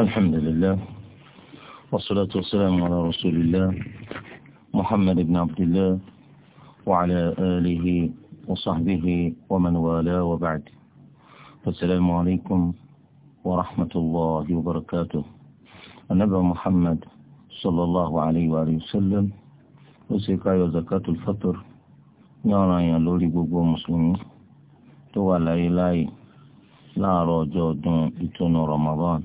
الحمد لله والصلاة والسلام على رسول الله محمد بن عبد الله وعلى آله وصحبه ومن والاه وبعد السلام عليكم ورحمة الله وبركاته النبي محمد صلى الله عليه وآله وسلم وسيقى زكاة الفطر نعنى يا لوري بوبو مسلمين تو لا láàárọ̀ ọjọ́ ọdún ìtúnu Ramadan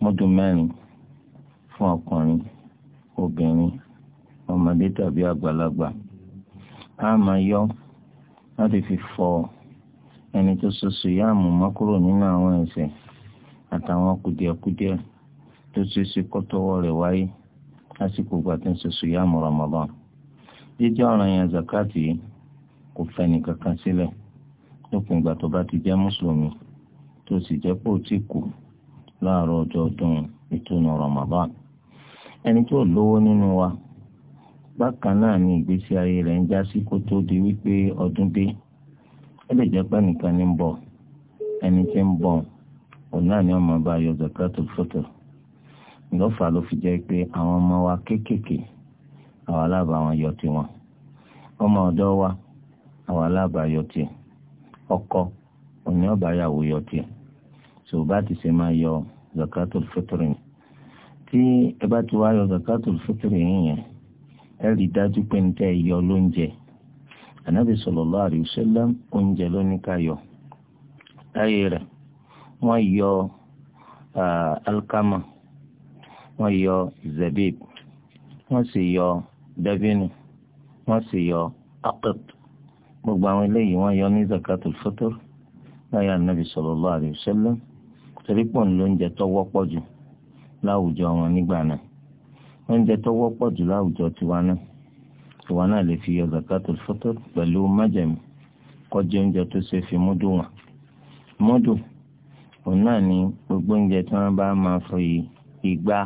mọ́dù mẹ́rin fún ọkùnrin obìnrin ọmọdé tàbí àgbàlagbà a máa yọ láti fi fọ ẹni tó soso yá àmúmọ́ kúrò nínú àwọn ẹ̀ṣẹ̀ àtàwọn kùdìẹ̀kùdìẹ̀ tó ṣeéṣe kọ́tọ́wọ́ rẹ̀ wáyé lásìkò ìgbà tó ń soso yá àmú Ramadan jíjẹ́ ọ̀ranyàn zakati kò fẹ́ni kankan sílẹ̀. Si lópin ìgbà tó bá ti jẹ́ mùsùlùmí tó sì jẹ́ pé ó ti kú láàárọ̀ ọjọ́ ọdún ìtúnu Ramadan ẹni tó lówó nínú wa bákan náà ni ìgbésí ayé rẹ̀ ń já sí kó tó di wípé ọdún dé ó lè jẹ́ pé nìkan ni ń bọ̀ ẹni tí ń bọ̀ òun náà ni ọmọ bá yọ zakatul fitr ìlọ́fà ló fi jẹ́ pé àwọn ọmọ wa kéékèèké àwọn aláàbà wọn yọ tiwọn ọmọ ọ̀dọ́ wa àwọn aláàbà yọ tiẹ̀ ọkọ òní ọba yàwó yọ tiẹ̀ tó bá ti ṣe máa yọ zakatul fitri tí ẹ bá ti wá yọ zakatul fitri yẹn ẹ rí dájú pé ní tẹ́ ẹ yọ lóúnjẹ ànábì sallallahu alaihi wasallam oúnjẹ lóní ká yọ láyé rẹ̀ wọ́n yọ alkama wọ́n yọ zabib wọ́n sì yọ dabinu wọ́n sì yọ akẹ́tù gbogbo àwọn eléyìí wọ́n yọ ní zakatul fitr láyé anabi sallallahu alayhi wa sallam torí pọ̀ ní lóúnjẹ tó wọ́pọ̀ jù láwùjọ wọn nígbà náà oúnjẹ tó wọ́pọ̀ jù láwùjọ tiwa náà tiwa náà lè fi yọ zakatul fitr pẹ̀lú májẹ̀mú kọjá oúnjẹ tó ṣe fi múdù wọn múdù òun náà ni gbogbo oúnjẹ tí wọ́n bá máa fi igbá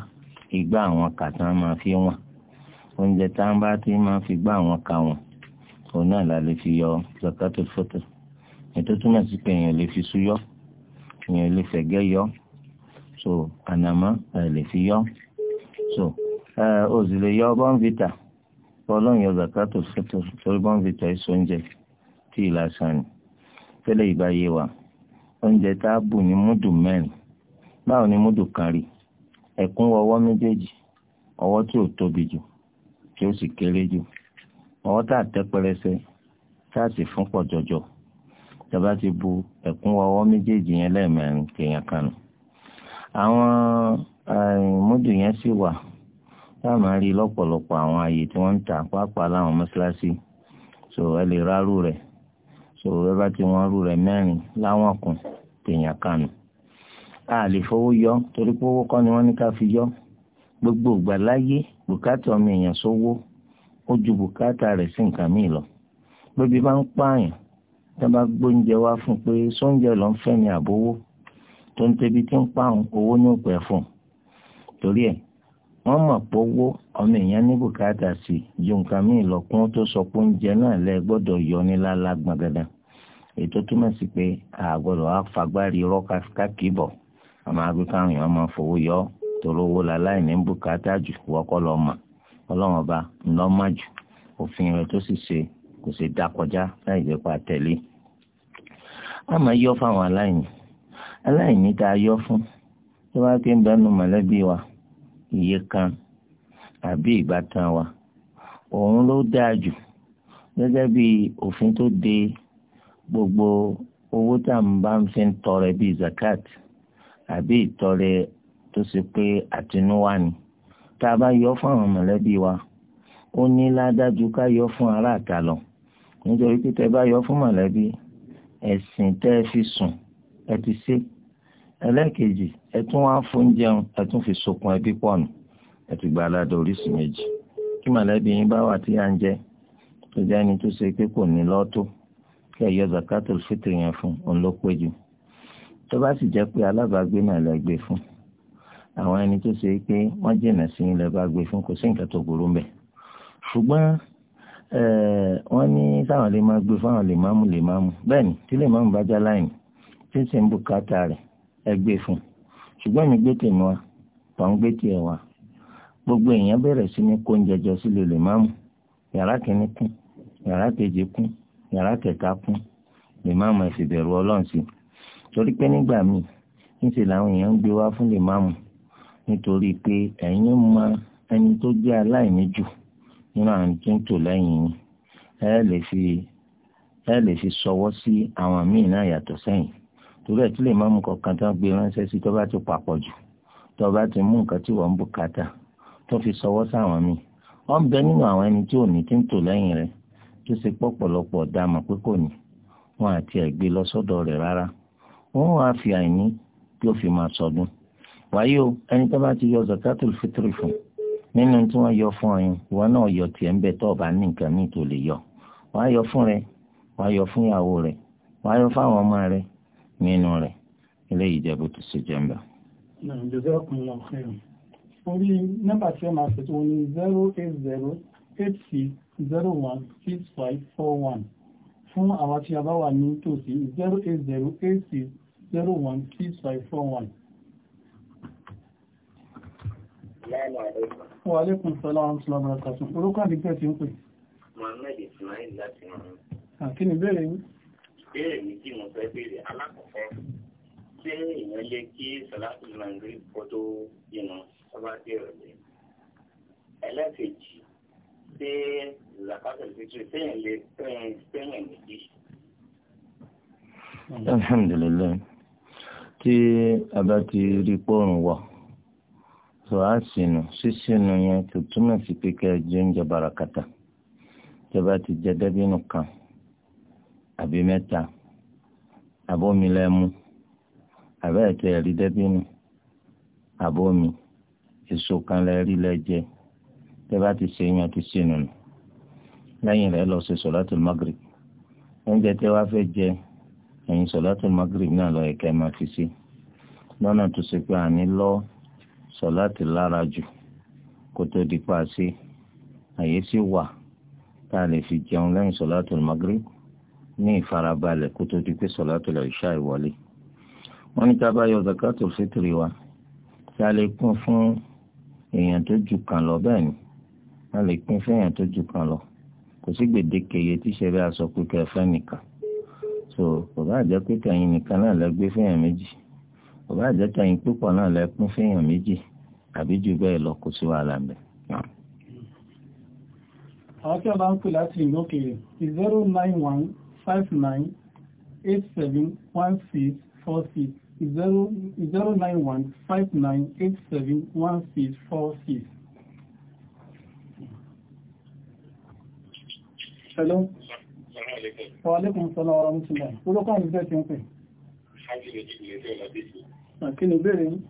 igbá àwọn kà tí wọ́n máa fi wọn oúnjẹ tí wọ́n bá ti máa fi gbá àwọn kà wọn òun náà la lè fi yọ zakatul fitr ètò túmọ̀ sí pé èèyàn lè fi sú yọ èèyàn lè fẹ̀gẹ́ yọ so ànàmọ́ ẹ̀ lè fi yọ so ẹ ò sì lè yọ bọ́ǹvìtà ọlọ́run yọ zakatul fitr torí bọ́ǹvìtà èso oúnjẹ tí ì lásán ni tẹ́lẹ̀ ìbáyé wa oúnjẹ tá a bù ní múdù mẹ́rin báwo ni múdù kan rí ẹ̀kún ọwọ́ méjèèjì ọwọ́ tí ò tóbi jù tí ó sì kéré jù ọwọ́ tá a tẹ́ pẹrẹsẹ tá a sì fún pọ̀ jọjọ ìjọba ti bu ẹ̀kún ọwọ́ méjèèjì yẹn lẹ́ẹ̀mẹrin kéèyàn kanu àwọn eh, múdù yẹn sì wà tá a máa rí lọ́pọ̀lọpọ̀ àwọn ààyè tí wọ́n ń ta pàápàá láwọn mọ́ṣáláṣí so ẹ lè rárú rẹ̀ so ẹ bá ti wọ́n rú rẹ̀ mẹ́rin láwọn kùn kéèyàn kanu a lè fowó yọ torí pé owó kọ́ ni wọ́n ní ká fi yọ gbogbo ìgbà láyé bùkátà ọmọ èèyàn sówó. So, ó ju bùkátà rẹ̀ sí nǹkan míì lọ bébí bá ń pààyàn tá bá gbóúnjẹ wá fún pé sóúnjẹ ló ń fẹ́ ni àbówó tó ń tẹbi tí ń pààrùn owó ní òpè fún torí ẹ̀ wọ́n mọ̀ pé owó ọmọ èèyàn ní bùkátà sí ju nǹkan míì lọ kún tó sọ pé oúnjẹ náà lẹ gbọ́dọ̀ yọ ní lálá gbọ̀ngàdàn ètò túmọ̀ sí pé àgbọ̀dọ̀ á fagbárí irọ́ káàkiri bọ̀ àmọ́ àgbékàwọn èèyàn fowó yọ torí owó làláì ní bùkátà jù wọ́kọ́ lọ́ọ́ ọlọ́run ọba ńlọ́mọ̀jù òfin rẹ̀ tó sì ṣe kò sì dá kọjá láì jẹ́ pa tẹ̀lé. a máa yọ fáwọn aláìní aláìní tá a yọ fún tó bá ké ń bẹnu mọ̀lẹ́bí wa iye kan àbí ìbátan wa òun ló dáa jù gẹ́gẹ́ bí òfin tó de gbogbo owó tá à ń bá ń fi tọrẹ bíi zakat àbí ìtọrẹ tó ṣe pé àtinúwá ni tá a bá yọ fún àwọn mọ̀lẹ́bí wa ó ní ládájú ká yọ fún aráàta lọ nítorí pé tẹ́ bá yọ fún mọ̀lẹ́bí ẹ̀sìn tẹ́ ẹ fi sùn ẹ ti ṣe ẹlẹ́ẹ̀kejì ẹ tún wá fún jẹun ẹ tún fi sokun ẹbí pọ̀ nù ẹ ti gba aládọ oríṣi méjì kí mọ̀lẹ́bí yín bá wà tí à ń jẹ tó jẹ́ ẹni tó ṣe pé kò ní lọ́tọ̀ kí ẹ zakatul fitr yẹn fún òun ló pé tó bá sì jẹ́ pé alábàágbé náà lẹ fún àwọn ẹni tó ṣe pé wọ́n jìnnà sí ilẹ̀ bá gbé fún kò sí nǹkan tó burú mbẹ̀ ṣùgbọ́n wọ́n ní sáwọn lè máa gbé fáwọn lè máàmù lè máàmù bẹ́ẹ̀ ni tí lè máàmù bá já láìní tí sì ń bùkátà rẹ̀ ẹ gbé fún ṣùgbọ́n mi gbé tèmi wa tó ń gbé tiẹ̀ wa gbogbo èèyàn bẹ̀rẹ̀ sí ní kó oúnjẹ jọ sílé lè máàmù yàrá kìíní kún yàrá kejì kún yàrá kẹta kún lè máàmù ẹ sì bẹ̀rù ọlọ́run sí torí pé nígbà míì nítorí pé ẹ̀yin mọ ẹni tó jẹ́ aláìní jù nínú àwọn tó ń tò lẹ́yìn yín ẹ lè fi ẹ lè fi sọwọ́ sí àwọn míì náà yàtọ̀ sẹ́yìn torí ẹ̀ tí lè má mú kankan tó ń gbé ránṣẹ́ sí tó bá ti papọ̀ jù tó bá ti mú nǹkan tí wọ́n ń bùkátà tó fi sọwọ́ sáwọn míì wọ́n ń bẹ nínú àwọn ẹni tí ò ní tí ń tò lẹ́yìn rẹ̀ tó ṣe pọ̀pọ̀lọpọ̀ dáàmọ̀ pé kò ní wọn àti ẹ̀ gbé lọ sọ́dọ̀ rẹ̀ rárá wọ́n wá fi àìní yóò fi máa sọdún wáyé o ẹni tó bá ti yọ zakatul fitri fún nínú tí wọ́n yọ fún ọyàn ìwọ náà yọ tiẹ̀ ń bẹ tó o bá ní nǹkan míì tó lè yọ wàá yọ fún rẹ wàá yọ fún ìyàwó rẹ wàá yọ fáwọn ọmọ rẹ nínú rẹ eléyìí jẹ bó ti ṣe jẹ ń bẹ. orí nọ́mbà tí ẹ máa ṣe tó ní zero eight zero eight six zero one six five four one fún àwa tí a bá wà ní tòsí zero eight zero eight six zero one six five four one. Wa alaikum salaam wa rahmatullahi wa barakatuh. Orúkọ àdìgbẹ́ ti ń pè. Mohammed Ismail láti rán. Kí ni ìbéèrè yín? Ìbéèrè mi tí mo fẹ́ béèrè alákọ̀ọ́kọ́. Ṣé èèyàn lè kí Sọláàtì Mangri kó tó yìnà sábà dé ìrọ̀lẹ́? Ẹlẹ́kejì, ṣé Zakato Fitri ṣéyàn lè pẹ́yìn pẹ́yìn méjì? Alhamdulillah, tí a bá ti rí pọ́ọ̀rùn wà. tó a yẹn tó túmọ̀ sí pé kẹ́ barakata ti jẹ dẹ́bínú kan àbí mẹ́ta àbómi lẹ́mú àbẹ́ẹ̀tẹ̀ ẹ̀rí dẹ́bínú àbómi èso kan lẹ́rí lẹ́jẹ tó ti ṣe yẹn ti sínú nù lẹ́yìn rẹ̀ lọ ṣe sọ̀látù magrib oúnjẹ tí wàá fẹ́ jẹ ẹ̀yìn na magrib náà lọ ẹ̀kẹ́ máa fi sí lọ́nà tó ṣe sọ̀láàtì lára jù kó tó di pa sí àyè sì wà tá a lè fi jẹun lẹ́yìn sọ̀láàtì magrib ní ìfarabalẹ̀ kó tó di pé sọ̀láàtì ìṣá ìwọlé. wọ́n ní tábà yọ zakato fitiri wa tá a lè kún fún èèyàn tó ju kan lọ bẹ́ẹ̀ ni a lè kún fún èèyàn tó ju kan lọ kò sí gbèdéke iye tíṣẹ́ bá a sọ pé kẹfẹ́ nìkan so kò bá jẹ́ pé tẹ̀yìn nìkan náà lẹ gbé fẹ́yàn méjì kò bá jẹ́ tẹ̀yìn púpọ̀ náà lẹ kún fẹ́yàn méjì àbí jù bẹ́ẹ̀ lọ kó sí wàhálà ń bẹ̀. àwọn tí a bá ń pè láti ìlú òkèèrè zero nine one five nine eight seven one six four six zero zero nine one five nine eight seven one six four six. Hello. Wa alaikum salaam wa rahmatullahi. Olókàn ìgbẹ́ ti ń pè. Ṣáàkì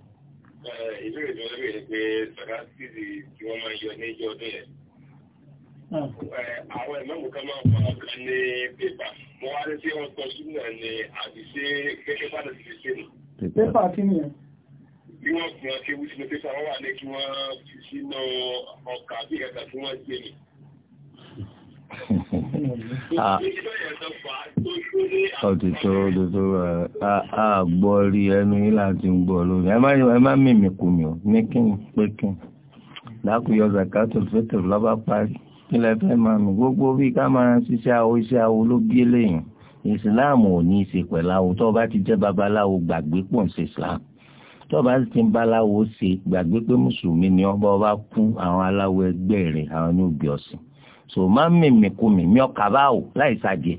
Eh, ìbéèrè tó lórí ni pé sàkásìsì tí wọ́n máa yọ ní ìjọ ọdún yẹn. Hmm. Eh, àwọn ìmọ̀mù kan máa ń fọ ọkàn ní pépà mo wá ní tí wọ́n sọ sí náà ni àbíṣe gẹ́gẹ́ bá lọ sí ṣe nù. pépà kí ni ẹ. bí wọ́n fi hàn kéwu sínú pépà wọ́n wà ní kí wọ́n fi sínú ọkà bí ẹ̀ka tí wọ́n gbé mi. ọ̀tìtò òdòdó àgbọ̀ rí ẹnu yìí láti ń gbọ́ lórí ẹ má mímì kù mí o ní kí ni pé kí ni lákùúyọ zakato fẹ́tẹ̀rù lọ́ba parí nílẹ̀ fẹ́ máa nù gbogbo bí ká máa ṣiṣẹ́ awo iṣẹ́ awo ló bí eléyìí ìsìláàmù ò ní í ṣe pẹ̀lú awo tó o bá ti jẹ́ babaláwo gbàgbé pọ̀ ń ṣe ìsìláàmù tó o bá ti ń baláwo ṣe gbàgbé pé mùsùlùmí ni ọba ọba kú àwọn aláwo ẹgbẹ́ rẹ̀ àwọn ní ọ̀sìn so má mímì kú mímì ọkà báwò láì ṣàjẹ.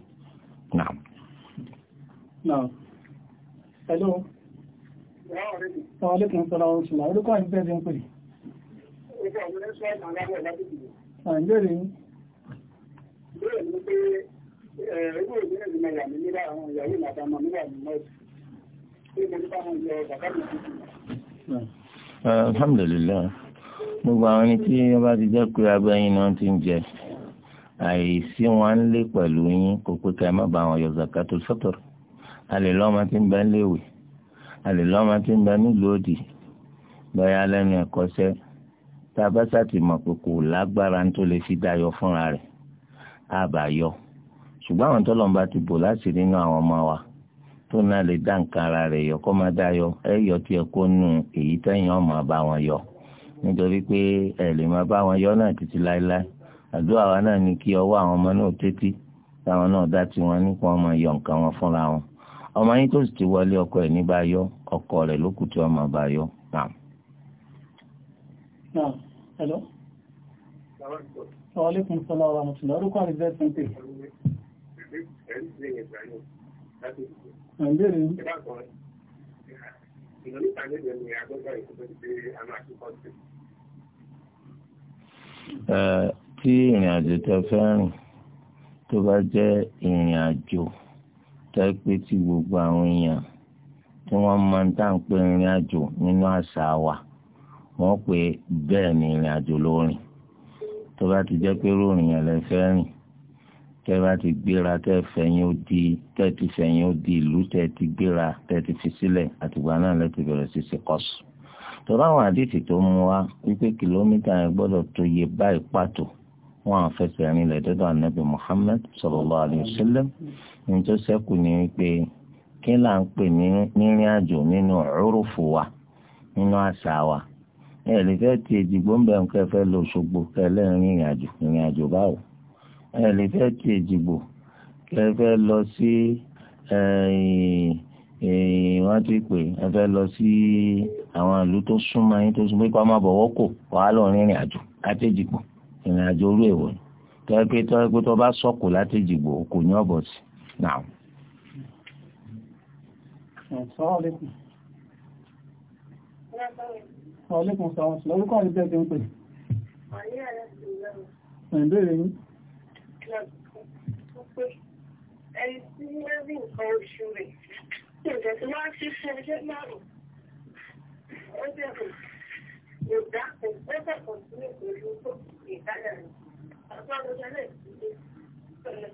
Hello. Wa alaikum salaam wa rahmatullahi. Orúkọ yìí bẹ́ẹ̀ ti ń pè. Ìbéèrè yìí. Ìbéèrè ni pé ẹgbẹ́ ìbílẹ̀ ti máa yà mí nígbà àwọn ìyàwó ìlàdà ọmọ nígbà mi mọ́ Alhamdulillah, gbogbo àwọn ẹni tí wọ́n bá ti jẹ́ pé abẹ́yìn náà ti ń jẹ àìsí wọn ń lé pẹ̀lú yín kó pé ká má bàa wọn yọ zakatul fitr a lè lọ́mọ tí ń bẹ léwe a lè lọ́mọ tí ń bẹ nílùú òdì bẹ́ẹ̀ lẹ́nu ẹ̀kọ́ṣẹ́ tá a bá ṣàtìmọ̀ pé kò lágbára tó lè fi dayọ fúnra rẹ̀ á bà yọ ṣùgbọ́n àwọn tó lọ́nba ti bò láti nínú àwọn ọmọ wa tó náà lè dá nǹkan ara rẹ̀ yọ kó má dayọ ẹ yọ tí ẹ kó nu èyí tẹ́yìn ọmọ bá wọn yọ nítorí pé ẹ lè má bá wọn yọ náà títí láéláé àdúrà wa náà ni kí ọwọ́ àwọn ọmọ náà tètè táwọn náà dá tiwọn nípa ọmọ yọ nǹkan wọn fúnra wọn ọmọ yín tó sì ti wọlé ọkọ ẹ̀ ní bá yọ ọkọ rẹ̀ lókùn tí ọmọ bá yọ náà. hello. Wa alaikum salaam wa rahmatullahi. Orúkọ àrí tí ìrìn àjò tẹ fẹ́ rìn tó bá jẹ́ ìrìn àjò tẹ́ pé tí gbogbo àwọn èèyàn tí wọ́n máa ń tà ń pé ìrìn àjò nínú àṣà wa wọ́n pé bẹ́ẹ̀ ni ìrìn àjò ló rìn tó bá ti jẹ́ pé ròrìn yẹn lẹ fẹ́ rìn tẹ́ bá ti gbéra tẹ́ fẹ̀yìn ó di tẹ́ ti fẹ̀yìn ó di ìlú tẹ́ ti gbéra tẹ́ ti fi sílẹ̀ àtìgbà náà lẹ́ ti bẹ̀rẹ̀ sí ṣe kọ́sù tọ́lá àwọn àdìtì tó mú wa wípé kìlómítà yẹn gbọ́dọ̀ tó yẹ báyìí pàtó wọn àfẹsẹ̀ rìn lẹ̀ dọ́dọ̀ anabi muhammed sallallahu alayhi wa sallam ní tó sẹ́kù ní pé kí là ń pè ní rírìn àjò nínú urufu wa nínú àṣà wa ẹ lè fẹ́ ti èjìgbó ń bẹ̀ ń kẹ́ fẹ́ lọ ṣogbo kẹ́ lẹ́rìn ìrìn àjò ìrìn àjò báwo ẹ lè fẹ́ ti èjìgbó kẹ́ lọ sí wọ́n ti pè ẹ fẹ́ lọ sí àwọn ìlú tó súnmọ́ yín tó súnmọ́ yín kó a máa bọ̀ wàá lọ rìnrìn àjò àti èjìgbó ìrìn àjò orú èwo ni tọ́wọ́ pé tọ́wọ́ pé tọ́ bá sọ̀kò láti jìgbò kò ní ọ̀bọ̀ sí náà. Ọ̀lẹ́kùn sọ̀rọ̀ lórúkọ ìbẹ́ ti ń pè. Ìbéèrè yín. Ẹni tí ó rí nǹkan oṣù fẹ́ kọ̀ọ̀tún pẹ̀lú tó ti ìdáná rẹ̀. Àwọn ọ̀dọ́jà náà ti ṣe pẹ̀lú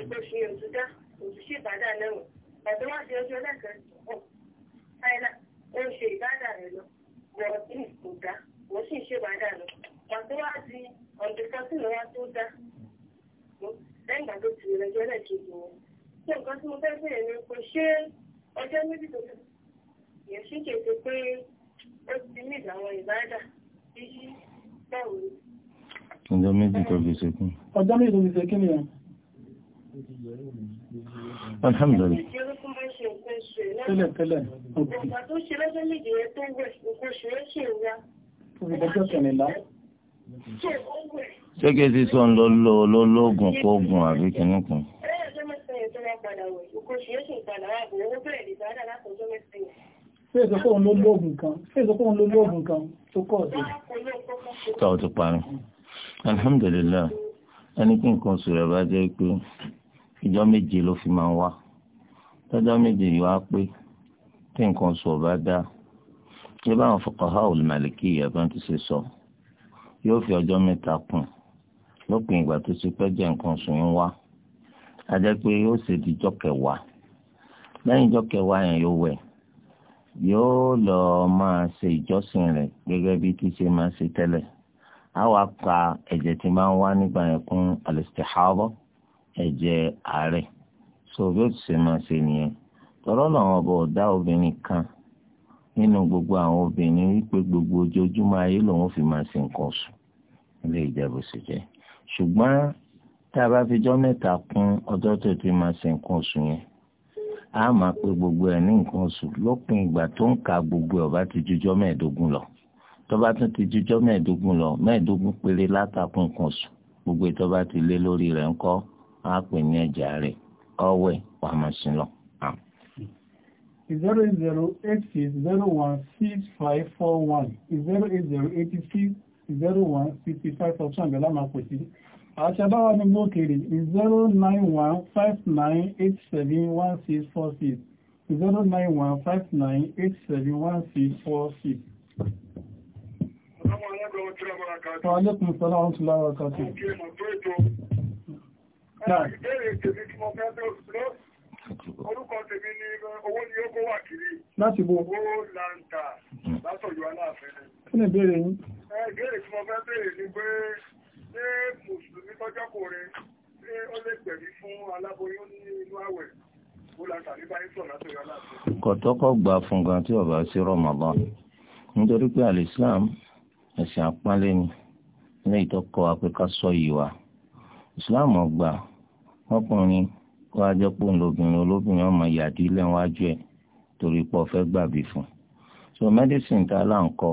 ìgbésí òtútà òtútù ìbádà náà. Bàbá wá di ọjọ́ lẹ́kẹ̀ẹ́ Ṣáínà ó ń ṣe ìbádà rẹ̀ lọ. Wọ́n ti kò dá, wọ́n sì ń ṣe ìbádà lọ. Bàbá wá di ọ̀dọ̀ kan tí wọ́n tó dá. Lẹ́yìn ìgbà tó ti rẹ̀ ọjọ́ lẹ́kẹ̀ẹ́ wọn. Ṣé nǹkan tí mo fẹ́ bẹ̀rẹ̀ ni kò ṣe ọjọ́ méjì tó yẹ sí kèké pé ó ti ní ìdáwọn ìbádà ọjọ́ méjì tó fi ṣekú. ọjọ́ méjì tó fi ṣekú ni ẹ̀. alhamdulillah. tẹ́lẹ̀ tẹ́lẹ̀. ọ̀gbà tó ṣe lọ́jọ́ méjì yẹn tó wẹ̀ òkú ṣe é ṣe ìyá. òṣìṣẹ́ kẹ̀lẹ́lá. ṣé ó wẹ̀. ṣé kí esi sọ ń lọ lọ́lọ́gùn kó gùn fèsì kó ń ló lóògùn kan tó kọ̀ parí alhamdulillah ẹni kí nǹkan oṣù rẹ̀ bá jẹ́ pé ìjọ méje ló fi máa ń wá tọ́jọ́ méje yìí wá pé tí nǹkan oṣù ọba dá ṣé báwọn fuqaha al-maliki ìyàbọ̀n ti ṣe sọ yóò fi ọjọ́ mẹ́ta kùn lópin ìgbà tó ṣe pẹ́ jẹ́ nǹkan oṣù yín wá a jẹ́ pé yóò ṣe di jọ́ lẹ́yìn jọ́ yẹn yóò wẹ̀ yóò lọ máa ṣe ìjọsìn rẹ̀ gẹ́gẹ́ bí tí ṣe máa ṣe tẹ́lẹ̀ á wàá ka ẹ̀jẹ̀ tí máa ń wá nígbà yẹn kún alistihaba ẹ̀jẹ̀ àárẹ̀ so bí ó ti ṣe máa ṣe nìyẹn tọ́rọ́ làwọn ọba ọ̀dá obìnrin kan nínú gbogbo àwọn obìnrin wípé gbogbo ojoojúmọ́ ayé lòun fi máa ṣe nǹkan oṣù ilé ìjẹ́bù sì jẹ́ ṣùgbọ́n tá a bá fi jọ́ mẹ́ta kún ọjọ́ tó ti máa ṣe nǹkan oṣù yẹn a máa pé gbogbo ẹ̀ ní nǹkan oṣù lópin ìgbà tó ń ka gbogbo ẹ̀ ọba ti jíjọ́ mẹ́ẹ̀ẹ́dógún lọ tọ́ba tún ti jíjọ́ mẹ́ẹ̀ẹ́dógún lọ mẹ́ẹ̀ẹ́dógún péré látàkùn nǹkan oṣù gbogbo ìtọ́ba ti lé lórí rẹ̀ ńkọ́ á pè ní ẹ̀já rẹ̀ ọ̀wẹ̀ wàá máa sin lọ. zero zero eight six zero one six five four one zero eight zero eighty six zero one sixty five option àgbẹ̀lá máa pè sí àṣàbáwá ní gbókèrè 09159871646 09159871646 Wa alaikum salam wa rahmatullahi wa barakatuh. Orúkọ tèmi ni owó ni ó kó wà kiri. Láti bó. Owó láńtà látọ̀jọ́ aláàfẹ́. Kí ni ìbéèrè yín? Ẹ ìbéèrè tí mo fẹ́ béèrè ni pé ọjọ́kùnrin ṣé ó lè gbẹ̀bí fún aláboyún ní inú àwẹ̀ kó la tàbí báyìí sọ̀ látòrí aláàfin. kọ̀tọ́kọ̀ gbà fún gan tí ọba sí Ramadan nítorí pé alìsílám ẹ̀sìn àpọ́nlé ni ilé ìtọ́kọ̀ apẹ́ká sọ yìí wa ìsìláàmù ọgbà ọkùnrin kó ajẹ́ pé lóbìnrin olóbìnrin ọmọ ìyàdí lẹ́wájú ẹ̀ torí pọ̀ fẹ́ gbàbí fún so medicine tá a là ń kọ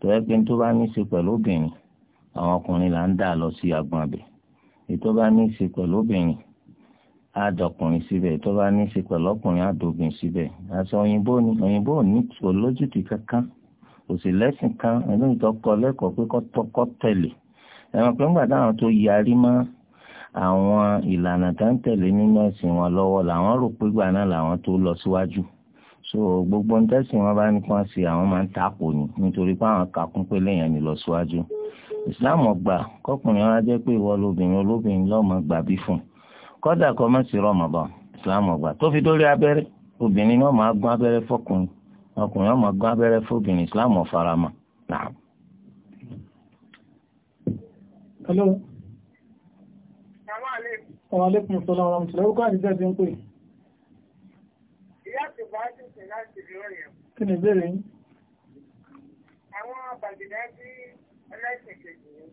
tọ́wẹ́ pé tó bá ní í ṣe pẹ̀lú obìnrin àwọn ọkùnrin là ń dà lọ sí agbọ̀n abẹ ètò bá ní í ṣe pẹ̀lú obìnrin àdọkùnrin síbẹ̀ ètò bá ní í ṣe pẹ̀lú ọkùnrin àdọbìnrin síbẹ̀ àti òyìnbó ni òyìnbó ní olójútì kankan kò sì lẹ́sìn kan ẹlẹ́yìn tó kọ lẹ́kọ̀ọ́ pé kọ́ tẹ̀lé ẹ̀rọ pé ńgbà táwọn tó yarí mọ́ àwọn ìlànà tá ń tẹ̀lé nínú ẹ̀sìn wọn lọ́wọ́ làwọn rò pé gbà náà làwọn tó lọ síwájú so gbogbo ń tẹ̀sìn wọn bá ní kí wọ́n ṣe àwọn máa ń takò ní nítorí pé àwọn kà pé lẹ́yìn ẹni lọ síwájú islam ọgbà kọkùnrin wa jẹ́ pé ìwọ lóbìnrin olóbìnrin lọ́mọ gbà bí fún kọ́dà kọ́ má sí rọmọbọ islam ọgbà tó fi dórí abẹ́rẹ́ obìnrin náà máa gún abẹ́rẹ́ fọkùnrin ọkùnrin náà máa gún abẹ́rẹ́ fóbìnrin islam ọ̀farama náà. hello. Àwọn alékùn sọ́lá ọmọ ìṣẹ̀lẹ̀ ó kọ́ àdíjẹ́ ti ń pè. Ìyá ti bá jù sí láti rí ọ̀rẹ́. Kí ni ìbéèrè yín? Àwọn àbàdìdá tí ẹ̀sìn kejì ni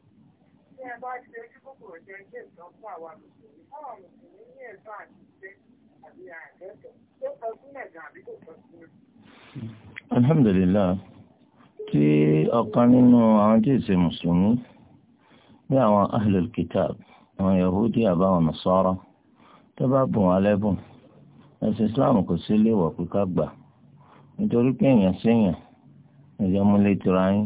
tí ẹ bá ṣe ojú kòkòrò jẹ ilé ìtàn fún àwa mùsùlùmí fáwọn mùsùlùmí ní ẹ̀tọ́ àti ṣe àbí àjẹsọ tó sọ sílẹ̀ gan àbí kò sọ sílẹ̀. alhamdulillah tí ọ̀kan nínú àwọn tí ì ṣe mùsùlùmí bí àwọn ahlul àwọn yahudi àbáwọn nasara tó bá bùn wọn lẹ́bùn ẹ̀sìn islam kò sí léèwọ̀ pé gbà nítorí pé èèyàn séèyàn ẹ̀yọ́ múlẹ̀ tura yín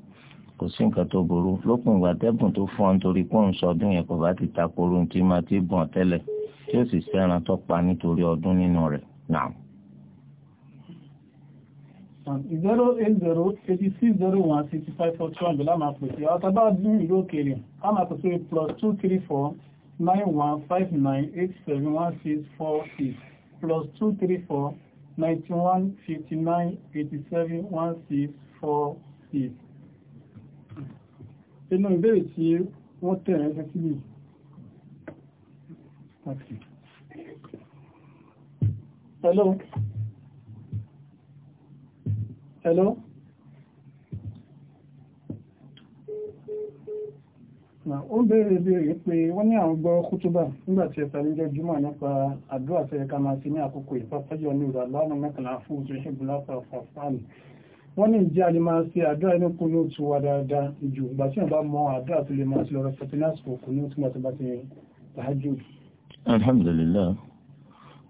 kò sí nǹkan tó burú lópin ìgbà tẹ́bùn tó fún ọ nítorí pé òun sọdún yẹn kò bá ti ta koro tí máa ti bùn tẹ́lẹ̀ tí ó sì sẹ́ran tó pa nítorí ọdún nínú rẹ̀ náà. zero eight zero eighty six zero one sixty five four two hundred lámà pèsè àwọn tábà ìlú òkèèrè á pèsè plus two three four nine one five nine eight seven one six four six plus two three four ninety one fifty nine eighty seven one six four six inú ìbéèrè tí wọ́n tẹ̀ ẹ́ sí mi. Hello. Hello. ó bèèrè bèèrè pé wọ́n ní àwọn gbọ́ kútúbà nígbàtí ẹ̀ta níjọ́ jùmọ̀ nípa àdúrà tẹ́yẹ ká máa sí ní àkókò ìpápájọ́ ní ìrọ̀lọ́nà mẹ́kànlá fún òṣèṣẹ́gbùn lápá ọ̀fà fáàlì wọ́n ní ìjẹ́ alẹ́ máa ṣe àdúrà inú kú ní oṣù wa dáadáa jù ìgbà tí wọ́n bá mọ àdúrà tó lè máa ṣe lọ́rọ̀ fẹ́tínásì kò ní oṣù tó bá ti tàájú. alhamdulillah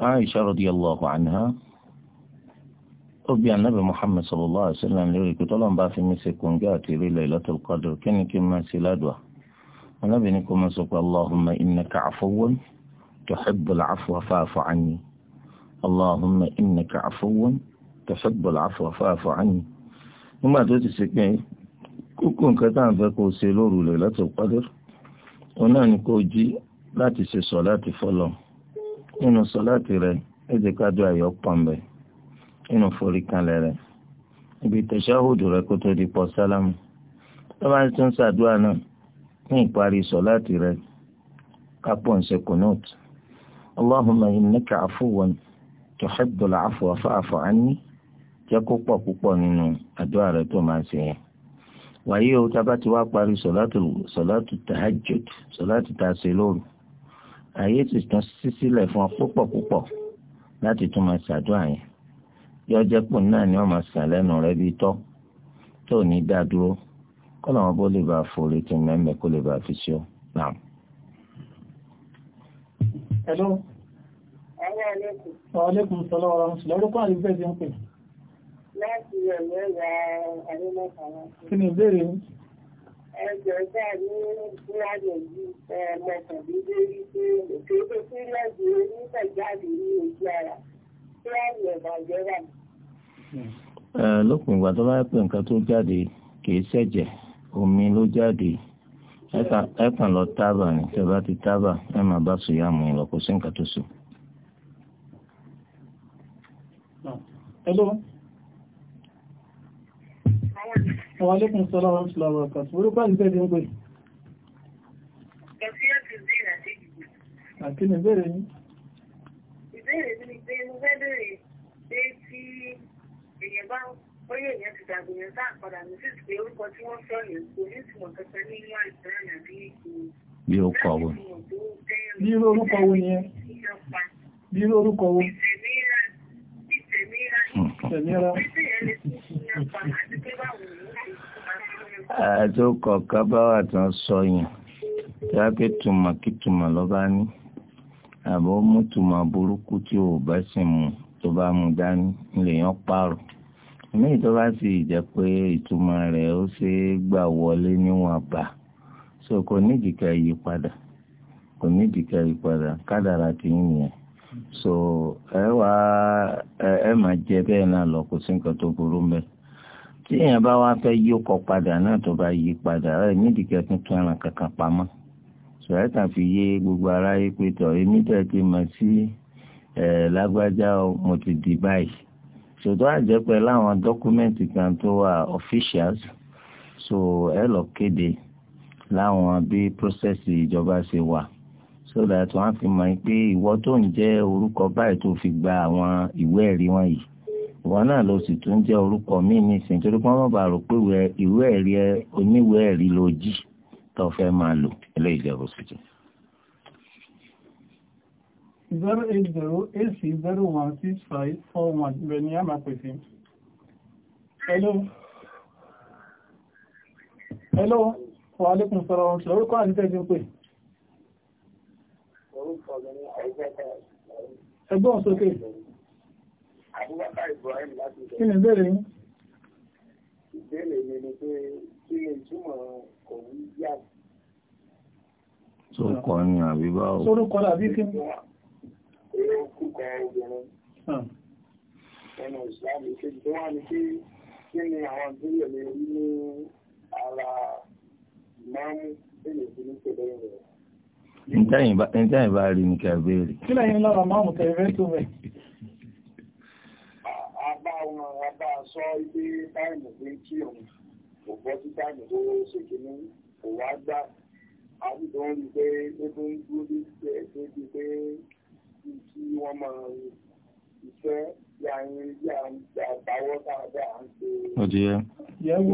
aisha radiyallahu anha ó bí anábì muhammad sallallahu alaihi wasallam lórí pé tọ́lọ́n bá fi mí ṣe kòǹgẹ́ àti ilé Laylatul Qadr kí ni kí n máa ṣe ládùá anábì ní kó máa sọ pé allahumma innaka afuwun tuhibbul afwa fa'fu anni allahumma innaka afuwun tuhibbul afwa fa'fu anni. nígbà tó ti ṣe pé kókó nǹkan tá à ń fẹ́ kó ṣe lóru rẹ̀ láti pàdé òun náà ni kó jí láti ṣe sọ láti fọlọ nínú sọ láti rẹ̀ ẹ jẹ́ ká dó àyọ pọnbẹ nínú forí kanlẹ̀ rẹ̀ ibi tẹ̀síáhùdù rẹ̀ kó tó di pọ̀ sálámù tó bá tún ṣàdúrà náà ní ìparí sọ láti rẹ̀ kápọ̀ ń ṣe kùnúùtù allahumma innaka afuwan tuhibbul afwa fa'fu anni jẹ́ kó pọ̀ púpọ̀ nínú àdúrà rẹ tó máa ṣe yẹn wàyí o tábà ti wá parí sọ̀látù tahajjud sọ̀látù tá a ṣe lóru ààyè ti tún sí sílẹ̀ fún ọ púpọ̀ púpọ̀ láti tún máa ṣàdúrà yẹn yóò jẹ́ pò náà ni wọ́n máa sàn lẹ́nu rẹ bí tọ́ tó ní dá dúró kọ́ làwọn bó lè bá a forí ti mẹ́mẹ́ kó lè bá a fi ṣe ọ́ náà. Hello. Wa alaikum salaam wa rahmatullahi. Lọ́dún kan àdúgbò ẹ̀ ń pè láti ọ̀yọ́ ya àrímọ́ta wọn. kí ni ìbéèrè yín. ẹjọ́ ìgbà ní fúlàní yìí mọ̀kànlélórí pé òkèèrè fúlàní onígbàjáde ní ojú ara fúlàní ọ̀bàjẹ́ rà. lópin ìgbà tó bá pè nǹkan tó jáde kì í ṣẹ̀jẹ̀ omi ló jáde ẹ kàn lọ tábà ní tẹ bá ti tábà ẹ máa bá sùn yàmù yín lọ kó sí nǹkan tó sùn. Hello. Wa alaikum salaam wa rahmatullahi wa barakatuh. Orúkọ àti ìbéèrè ń pè. Àti ní ìbéèrè yín. Ìbéèrè mi ni pé mo fẹ́ bèèrè pé tí èèyàn bá bóyá èèyàn ti dàgbò yẹn sáà padà ní sí pé orúkọ tí wọ́n sọ yẹn kò ní ìtumọ̀ kankan nínú àìsàn àbí ìkò. Bí orúkọ wo? Bí àti ọkọ̀ kábáwà tí wọ́n sọ yẹn tí a pé tùmọ̀ kí tùmọ̀ lọ bá ní àbọ̀ mú tùmọ̀ burúkú tí ò bá sì mú tó bá mú dání lèèyàn pààrọ̀ ní bá sì jẹ́ pé ìtumọ̀ rẹ̀ ó ṣe é so kò nídìí ká yí padà kò nídìí ká yí so ẹ wá ẹ jẹ bẹ́ẹ̀ náà lọ kò tí èèyàn bá wá fẹ́ yí ọkọ̀ padà náà tó bá yí padà rẹ̀ nídìí kẹ́ tuntun ẹran kankan pamọ́ sọ̀rẹ́tà fi yé gbogbo aráyé pé tọ̀ èmi tẹ̀ ti mọ̀ sí ẹ̀ lágbájá mo ti di báyìí ṣòtọ́ àjẹpẹ́ láwọn dọ́kúmẹ́ǹtì kan tó wà officials so ẹ lọ kéde láwọn bí prọ́sẹ̀sì ìjọba ṣe wà so that wọ́n á fi mọ̀ pé ìwọ tó ń jẹ́ orúkọ báyìí tó fi gba àwọn ìwé ẹ̀rí wọn yìí ìwọ náà ló sì tún jẹ́ orúkọ mi ní ìsìn torí pé wọ́n bá rò pé ìwé ẹ̀rí oníwé ẹ̀rí ló jì tó fẹ́ máa lò eléyìí jẹ́ oṣù jẹ́. zero eight zero eight six zero one six five four one bẹ́ẹ̀ ni a máa pèsè. hello. hello. wa alaikum salaam ọ̀hún ṣe orúkọ àti tẹ́jú pé. orúkọ mi ni àìjẹ́ ẹgbẹ́ òsókè. Abubakar Ibrahim láti ìjọba. Kí ni ìbéèrè yín? Ìbéèrè mi ni pé kí ni ìtumọ̀ kọ̀wé yá? Tó kọ ni àbí báwo? Sórúkọ àbí kí ni? Èrò kúkọ obìnrin. Hmm. Ẹnu ìsìlámù kejì tó wà ní pé kí ni àwọn ìbílẹ̀ mi rí ní ara ìmáàmù tí mi fi ní pẹ̀lú rẹ̀? Ntẹ́yìn bá rí ní kẹ́ béèrè. Kí lẹ́yìn lọ́rọ̀ máàmù tẹ̀lé tó bẹ̀? àbá wọn àbá sọ ilé táìmù pé kí òun kò gbọ́ sí táìmù tó ṣèkínní kò wá gbà àwùjọ ń rí pé ó tó ń dúró bí pé tó di pé kí wọ́n máa iṣẹ́ bí a ń rí bí a ń gbà báwọ́ dáadáa ń ṣe. ó ti yẹ. yẹ́wò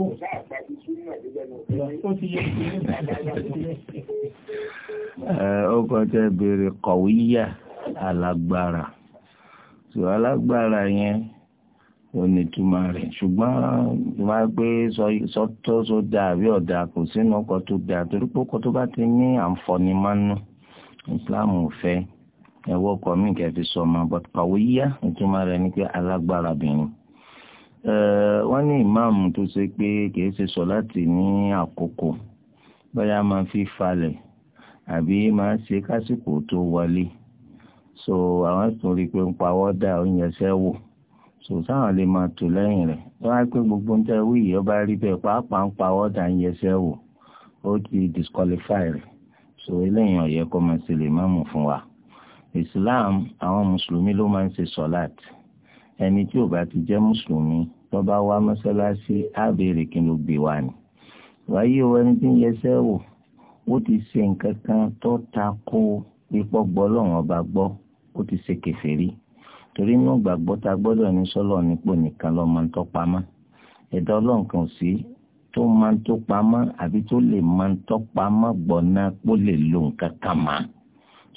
ó ti yẹ ó kọ́ tẹ́ béèrè kọ̀wé yá alágbára. sọ alágbára yẹn onítúmọ̀ rẹ̀ ṣùgbọ́n ìwà pé sọ́tọ́ tó da àbí ọ̀dà kò sínú ọkọ̀ tó da torí pé ọkọ̀ tó bá ti ní àǹfọ̀ní mánú Islam ò fẹ́ ẹ̀wọ́ ọkọ̀ mi kẹ́ fi sọ ọmọ but pàwọ́ yíyá ìtumọ̀ rẹ̀ ni pé alágbára bìnrin. wọ́n ní ìmáàmù tó ṣe pé kìí ṣe sọ láti ní àkókò bóyá máa fi falẹ̀ àbí máa ṣe kásìkò tó wọlé so àwọn tó rí i pé ń pawọ́ dà oúnjẹ sẹ́wọ̀ sòtáwọn so, lè máa tò lẹ́yìn rẹ̀ tó wáá pé gbogbo ń tẹ́ wíyì ọba rí bẹ́ẹ̀ pàápàá ń pa ọ̀dà ń yẹsẹ̀ wò ó ti disqualify rẹ̀ so eléyìí ọ̀yẹ́ kó máa ṣe lè máàmù fún wa Islam àwọn mùsùlùmí ló máa ń ṣe sọ́láàt ẹni tí ò bá ti jẹ́ mùsùlùmí tó bá wá mọ́sálásí á béèrè kí ló gbé wa ni wáyé o ẹni tí ń yẹsẹ̀ wò ó ti ṣe nǹkan kan tó ta kó pípọ́ gbọ́ lọ́wọ́n ọba gbọ́ ó ti ṣe kèfèrí torí inú gbàgbọ́ ta gbọ́dọ̀ ní sọ́lọ̀ nípò nìkan ló máa ń tọ́ pamọ́ ẹ̀dá ọlọ́run kan sí tó máa ń tó pamọ́ àbí tó lè máa ń tọ́ pamọ́ gbọ̀nà pó lè lo nǹkan kan mọ́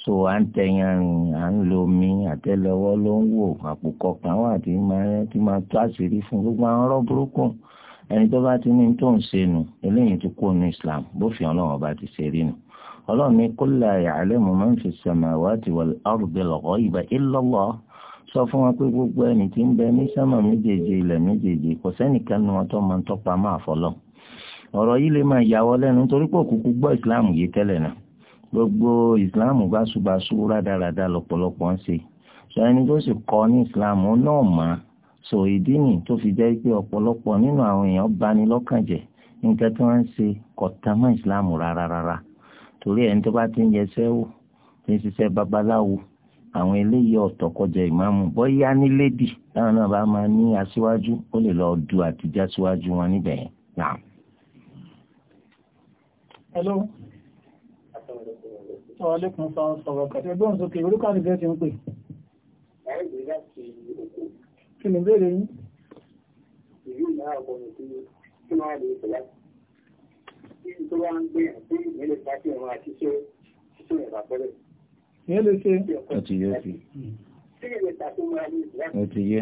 so à ń tẹyàn rìn à ń lo omi àtẹ́lẹwọ́ ló ń wò àpòkọ kan wà tí máa tó àṣírí fún gbogbo àwọn ọ̀rọ̀ burúkú ẹni tó bá ti ní tó ń ṣe nù eléyìí ti kó nu Islam bófin ọlọ́run ọba ti ṣe rí nù ọlọ́run ní kó la ya'lamu man fi samawati wal ardi al-ghayba illa Allah sọ fún wọn pé gbogbo ẹni tí ń bẹ ní sánmà méjèèjì ilẹ̀ méjèèjì kò sẹ́nìkan nu wọn tó máa ń tọ́pa máa fọlọ́ ọ̀rọ̀ yìí lè máa yàwọ́ lẹ́nu torí pé òkùnkù gbọ́ ìsìláàmù yìí tẹ́lẹ̀ náà gbogbo ìsìláàmù báṣubàṣu rádaràda lọ́pọ̀lọpọ̀ ń ṣe sọ ẹni tó sì kọ́ ní ìsìláàmù náà mà á sọ ìdí nì tó fi jẹ́ pé ọ̀pọ̀lọpọ̀ nínú àwọn èèyàn bani lọ́kàn jẹ́ nǹkan tí wọ́n àwọn eléyìí ọ̀tọ̀ kọjá ìmáàmù bọ́yá ní lédì táwọn náà bá máa ní aṣíwájú ó lè lọ du àtijọ́ aṣíwájú wọn níbẹ̀ yẹn. hello. sọ̀rọ̀ lẹ́kùn sọ sọ̀rọ̀ kẹ̀kẹ́ gbọ́n sókè orúkọ àdìgẹ́ ti ń pè. kí ni ìbéèrè yín. ìlú náà kò ní kí kí wọ́n lè pè láti. kí n tó wá ń gbé àti ìmọ̀lẹ̀ pàṣẹ wọn àti iṣẹ́ iṣẹ́ ìràpẹ́rẹ́ ìyẹn lè ṣe ọ̀tí yóò fi ọ̀tí yé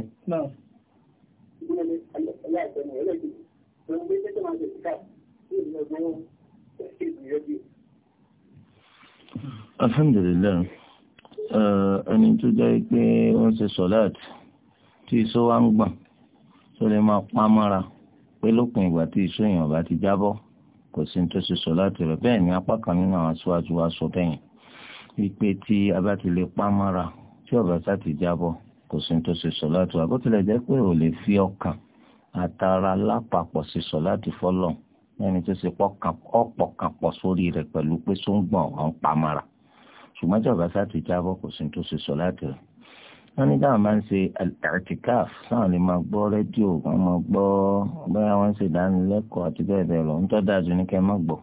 alhamdulillah ẹni tó jẹ́ pé wọ́n ṣe sọ́láàtì tí iṣó wá ń gbọ̀n tó lè máa pa mọ́ra pé lópin ìgbà tí iṣó èèyàn bá ti jábọ́ kò sí ní tó ṣe sọ́láàtì rẹ̀ bẹ́ẹ̀ ni apá kan nínú àwọn aṣáájú wa sọ bẹ́yìn wípé tí a bá ti lè pa mọ́ra tí ọ̀bá sá ti jábọ̀ kò sí tó ṣe sọ̀láàtù àbó tilẹ̀ jẹ́ pé ò lè fi ọkàn àtara lápapọ̀ sí sọ̀láàtù fọlọ́ ẹni tó ṣe ọ̀pọ̀ kan pọ̀ sórí rẹ̀ pẹ̀lú pé sóńgbọ̀n ọ̀hún pa mọ́ra ṣùgbọ́n tí ọ̀bá sá ti jábọ̀ kò sí tó ṣe sọ̀láàtù rẹ̀ wọ́n ní dáhùn máa ń ṣe ẹ̀tìkáf sáwọn lè máa gbọ́ rédíò wọ́n máa gbọ́ bóyá wọ́n ń ṣe ìdánilẹ́kọ̀ọ́ àti bẹ́ẹ̀ bẹ́ẹ̀ lọ ń tọ́ gbọ́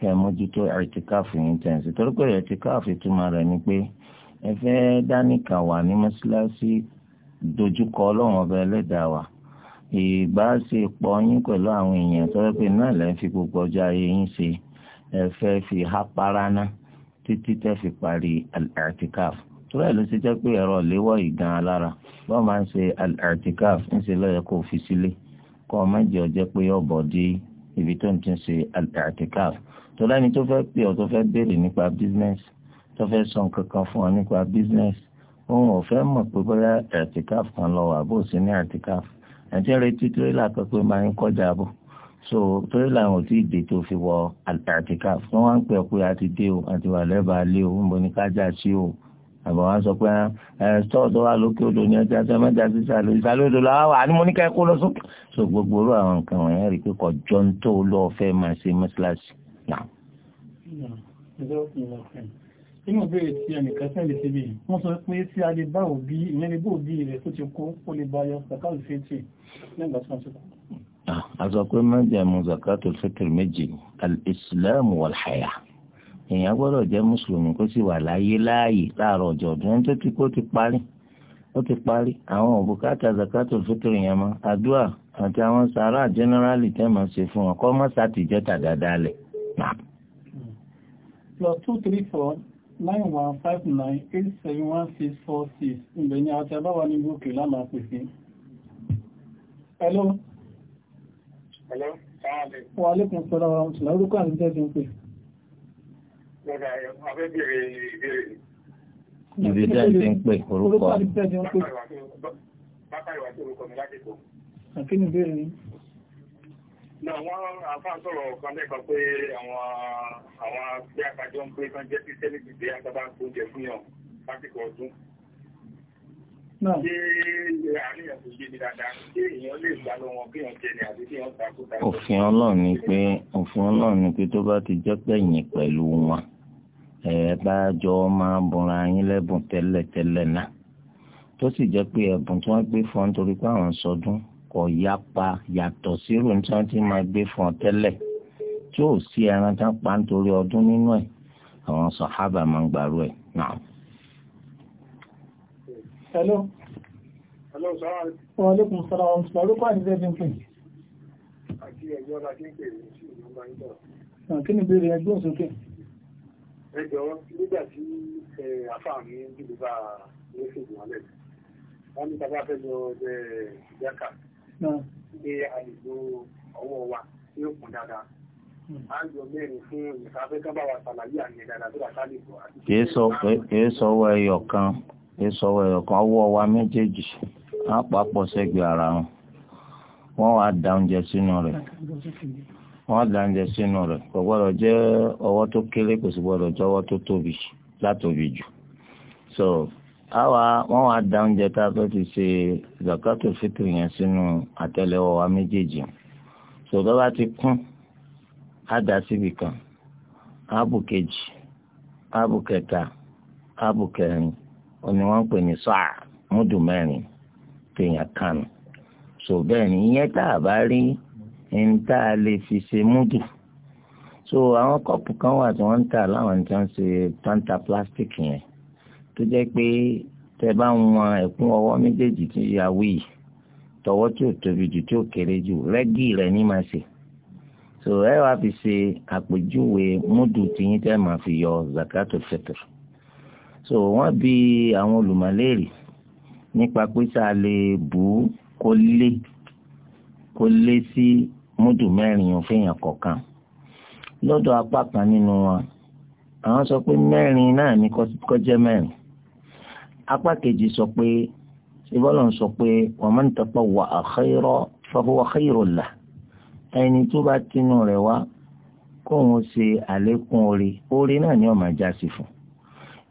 kẹ́ ẹ mójútó ẹ̀tìkáàfù yín tẹ̀sí torí pé ẹ̀tìkáàfù ìtumọ̀ rẹ̀ ni pé ẹ fẹ́ dáníkà wà ní mọ́ṣáláṣí dojúkọ ọlọ́run ọba ẹlẹ́dàá wa ìbáṣepọ̀ yín pẹ̀lú àwọn èèyàn torí pé náà lẹ́ fi gbogbo ọjọ́ ayé yín ṣe ẹ fẹ́ fi há paraná títí tẹ́ fi parí ẹ̀tìkáàfù torí ẹ̀ ló ṣe jẹ́ pé ẹ̀rọ léwọ́ ìgan alára wọ́n máa ń ṣe ẹ̀tìkáàfù ń ṣe lọ́yẹ̀ kó fi sílé kọ́ mẹ́jọ jẹ́ pé ọ̀bọ̀ ibi tó ń ti ṣe ẹ̀tìkáàfù tó lẹ́ni tó fẹ́ pè ọ́ tó fẹ́ béèrè nípa business tó fẹ́ sọ nǹkan kan fún ọ nípa business òun ò fẹ́ mọ̀ pé bóyá ẹ̀tìkáf kan lọ wà bó sí ní ẹ̀tìkáf ẹ̀tí retí tírélà kan pé máa ń kọjá bọ̀ so tírélà wọn ò tí ì dé tó fi wọ ẹ̀tìkáf wọ́n wá ń pè ọ́ pé a ti dé o àti wà lẹ́bàá lé o níbo ni ká já sí o àbọ̀ wọn sọ pé ẹ tọ́ọ̀tọ̀ wà lókè odò ní ọjà tí wọ́n mẹ́ta sí sàlẹ̀ ìsàlẹ̀ odò lọ́wọ́ wà ní mo ní ká ẹ kó lọ sókè so gbogbo orú àwọn nǹkan wọ̀nyẹn rí pé kọjọ́ ń tó lọ́ọ́ fẹ́ máa ṣe mọ́ṣáláṣí Náà. Inú ìbéèrè tí ẹnìkan sẹ́lẹ̀ síbi, wọ́n sọ pé tí a lè bá òbí ìrìnlẹ̀ bó òbí rẹ̀ tó ti kú, ó lè bá yọ Zakatul Fitr nígbà tí wọ́n ti kú. A sọ pé májẹ̀mú Zakatul Fitr méjì, al-Islam wal-Haya. Èèyàn gbọ́dọ̀ jẹ́ Mùsùlùmí kó sì wà láyé láàyè láàárọ̀ ọjọ́ ọdún ẹni tó ti kó ti parí. Ó ti parí àwọn òbúkátà Zakatul Fitr yẹn mọ́. Àdúrà àti àwọn sàárà jẹ́nẹ́rálì tẹ́ plus two three four nine one five nine eight seven one six four six ìbẹ̀ ni àti abáwa ní gòkè lánàá pè sí. hello. hello sáàlẹ̀. wà lẹ́kùn sọ́lá wa ṣùlá orúkọ àti jẹ́jẹ́ ń pè. lọ́dà abẹ́ bèrè orúkọ. àti jẹ́jẹ́ ń pè. bákàrẹ̀ wà orúkọ mi láti kò. àkínní bèrè ni àwọn àfáà sọ̀rọ̀ kan lẹ́kọ̀ọ́ pé àwọn àwọn bí àkájọ ń pé kan jẹ́ sí sẹ́lẹ̀kì bí àtàbà ń kóúnjẹ fún yàn lásìkò ọdún. Òfin Ọlọ́run ni pé òfin Ọlọ́run ni pé tó bá ti jẹ́ pẹ̀yìn pẹ̀lú wọn ẹ bá jọ máa bùnra yín lẹ́bùn tẹ́lẹ̀tẹ́lẹ̀ náà tó sì jẹ́ pé ẹ̀bùn tí wọ́n gbé fún nítorí pé àwọn sọdún kọ̀ yapa yàtọ̀ sírù tí wọ́n ti máa gbé fún ọ tẹ́lẹ̀ tí ò sí ẹran tán pa nítorí ọdún nínú ẹ̀ àwọn sọ̀hábà máa ń gbàrú ẹ̀ náà. hello. hello sọ́wọ́n. wọ́n lékun sọ́ra wọn sọ orúkọ àdìsẹ́ fi ń pè. àti ẹ̀jọ́ la kí ń pè ní sí ìjọba ń bọ̀. kí ni ìbéèrè ẹgbẹ́ òsókè? ẹ jọ̀wọ́ nígbà tí àfáà mi dìbò bá a lóṣèlú wọn ní tàbá fẹ́ lọ jẹ́ jákà pé hmm. a lè lo ọwọ́ ẹyọ kan, kìí sọwọ́ ẹyọ kan, ọwọ́ wa méjèèjì, á sẹ́gbẹ̀ẹ́ ara wọn. Wọ́n wá da oúnjẹ sínú rẹ̀. Wọ́n da oúnjẹ sínú rẹ̀. Kò gbọ́dọ̀ jẹ́ ọwọ́ tó kéré, kò sì gbọ́dọ̀ jẹ́ ọwọ́ tó tóbi látòbí jù. So awa wọ́n wá da oúnjẹ tá a fẹ́ fi ṣe zakato fitri yẹn sínú àtẹ́lẹwọ́ wa méjèèjì sọ̀tọ́ bá ti kún á dà síbi kan áàbù kejì áàbù kẹta áàbù kẹrin òní wọ́n pè ní sáà múdù mẹ́rin tèèyàn kanu sọ bẹ́ẹ̀ ni ìyẹn tá a bá rí ní tá a lè fi ṣe múdù so àwọn kọ́ọ̀pù kan wà tí wọ́n ń tà láwọn tí wọ́n ń ṣe tanta plastic yẹn tó jẹ́ pé tẹ bá ń wọn ẹ̀kún ọwọ́ méjèèjì tó yà wí tọwọ́ tí ò tóbi jù tí ò kéré jù rẹ́gì rẹ̀ ní máa ṣe so ẹ wá fi ṣe àpèjúwe múdù tìyín tẹ́ máa fi yọ zakato fitr so wọ́n bi àwọn olùmọ̀lérì nípa pé a lè bù ú kó lé kó lé sí múdù mẹ́rin òfìyàn kọ̀ọ̀kan lọ́dọ̀ apá kan nínú wọn àwọn sọ pé mẹ́rin náà ní kó jẹ́ mẹ́rin apá kejì sọ pé ìbọ́lọ̀ ń sọ pé wa man tatawwa'a khayran fa huwa khayrun lahu ẹni tó bá tinú rẹ̀ wá kóun ṣe àlékún oore oore náà ni ó máa já sí fún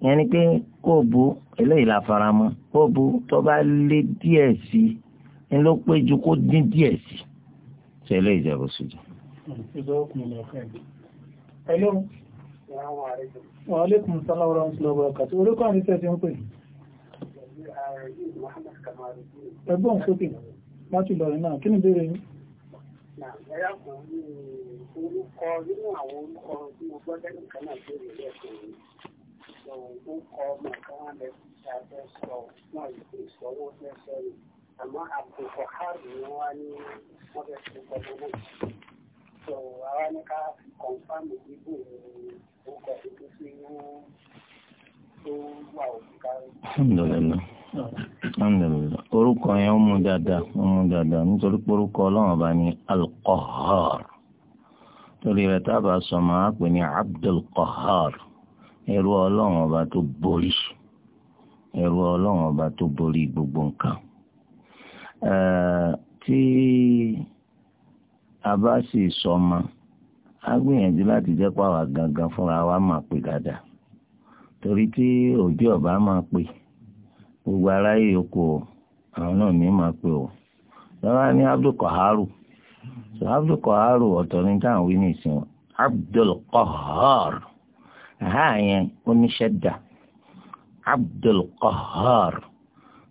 ìyẹn ni pé kó o bu eléyìí la fara mọ́ kó o bu tó bá lé díẹ̀ sí i ló pé ju kó dín díẹ̀ sí ṣe eléyìí jẹ́ bó ṣojú. Hello. Wa alaikum salaam wa rahmatullahi wa barakatuh. Orúkọ àmì tẹ̀sí ń pè é ẹ̀gbọ́n sókè láti lọ́rin náà kí ni bèèrè yìí Nàìjíríà kò ní orúkọ nínú àwọn orúkọ tí mo gbọ́ lẹ́nu kan náà bèèrè lẹ́ẹ̀kan yìí sọ orúkọ ọmọ kan wà lẹ́kùn tí a fẹ́ sọ alhamdulilayi alhamdulilayi orúkọ yẹn ó mú dáadáa ó mú dáadáa nítorí pé orúkọ ọlọ́run ọba ní alqahar torí rẹ̀ tábà sọ máa pè ní abdulqahar ẹrú ọlọ́run ọba tó borí ẹrú ọlọ́run ọba tó borí gbogbo nǹkan tí a bá sì sọ ma a gbìyànjú láti jẹ́ pàwọ́ gangan fúnra wa máa pè dáadáa torí tí òbí ọba máa pè gbogbo aráyé yòókù o àwọn náà ní máa pè o lọ́wọ́ ní Abdul Qaharu so Abdul Qaharu ọ̀tọ̀ ní táwọn wí ní ìsìn wọn Abdul Qahar ha yẹn oníṣẹ́dà Abdul Qahar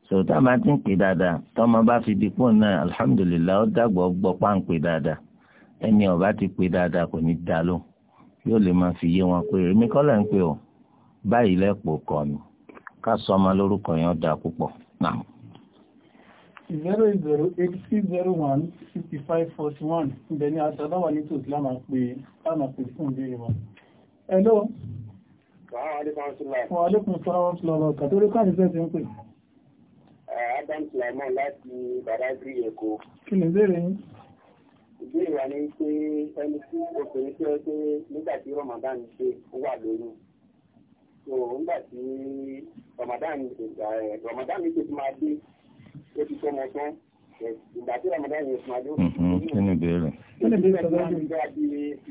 so tá a máa ti ń pè dáadáa tọ́mọ bá fi di pọ́n náà alhamdulilayi ó dàgbọ́ gbọ́ páńpé dáadáa ẹni ọba ti pè dáadáa kò ní dá lóhùn yóò lè máa fi yé wọn pé èmi kọ́ là ń pè ọ́ báyìí lẹ́pọ̀ kọ́ ni ká sọ ọmọ lórúkọ yẹn dá púpọ̀ náà. zero zero eight six zero one fifty five forty one ibẹ̀ ni àtàláwà ní tòsí láàmà pé láàmà pé fún ìbéèrè wọn. hello. wà á lékún sọ́ra wọn fúlọ́ lọ kàtórí káàdì fẹ́ ti ń pè. Adam Sulaiman láti Badagry Èkó. kí ni ìbéèrè yín? ìbéèrè wa ni pé ẹni tí obìnrin tí ó ṣe nígbà tí Ramadan ṣe wà lóyún so nígbà tí Ramadan Ramadan tó ti máa dé ó ti tó mọ tán ìgbà Ramadan yẹn ti máa dé ó ti mm-hmm. ìbéèrè. nínú ìbéèrè tó máa ń gba bí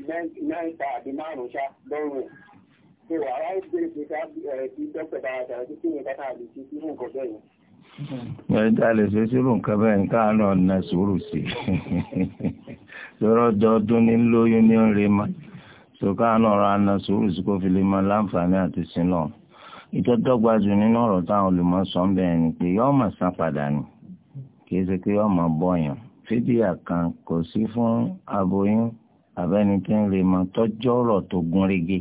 mẹ́ta àbí márùn-ún ṣá lọ́rùn so àwa ń gbé pé ká ti dọ́pẹ̀ dáadáa tó kí ni ká ṣe sí nǹkan bẹ́ẹ̀ yẹn. Ẹja lè ṣe sírù nǹkan bẹ́ẹ̀ nǹkan náà na sùúrù sí i. Lọ́rọ̀ dọ́dún ní lóyún ní ń máa sọ̀ká lọ́rọ̀ àna sùúrù sí kó fi lè máa láǹfààní àti sílọ̀ ìtọ́dọ́gba jù nínú ọ̀rọ̀ táwọn olùmọ̀ sọ ń ni pé yọ́ọ́ máa san padà ni kì í ṣe pé yọ́ọ́ máa bọ̀yàn fídíà kan kò sí fún aboyún àbẹ́ni tí ń lè máa tọ́jú ọ̀rọ̀ tó gún régé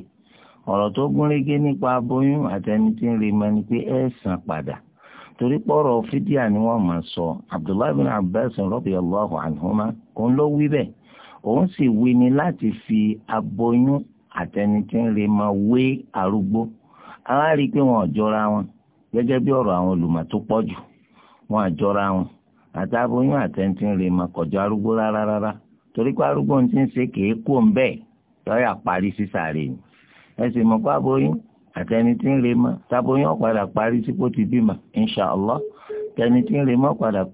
ọ̀rọ̀ tó gún régé nípa aboyún àtẹni tí ń lè máa ni pé ẹ̀ san padà torí pọ̀rọ̀ fídíà ni wọ́n máa sọ Abdullahi bin Abbas radiyallahu anhuma òun ló òun sì wí ni láti fi aboyún àtẹni tí ń re máa wé arúgbó àwa rí i pé wọn ò jọra wọn gẹ́gẹ́ bí ọ̀rọ̀ àwọn olùmọ̀ tó pọ̀ jù wọn ò jọra wọn àti aboyún àtẹni tí ń re máa kọjọ arúgbó rárá rárá torí pé arúgbó ti ń ṣe kèé kó ń bẹ́ẹ̀ lọ́yà parí sísàrè ni ẹ sì mọ̀ pé aboyún àtẹni tí taboyún ọ̀padà parí sípò ti bímọ inshàlá tẹni tí ń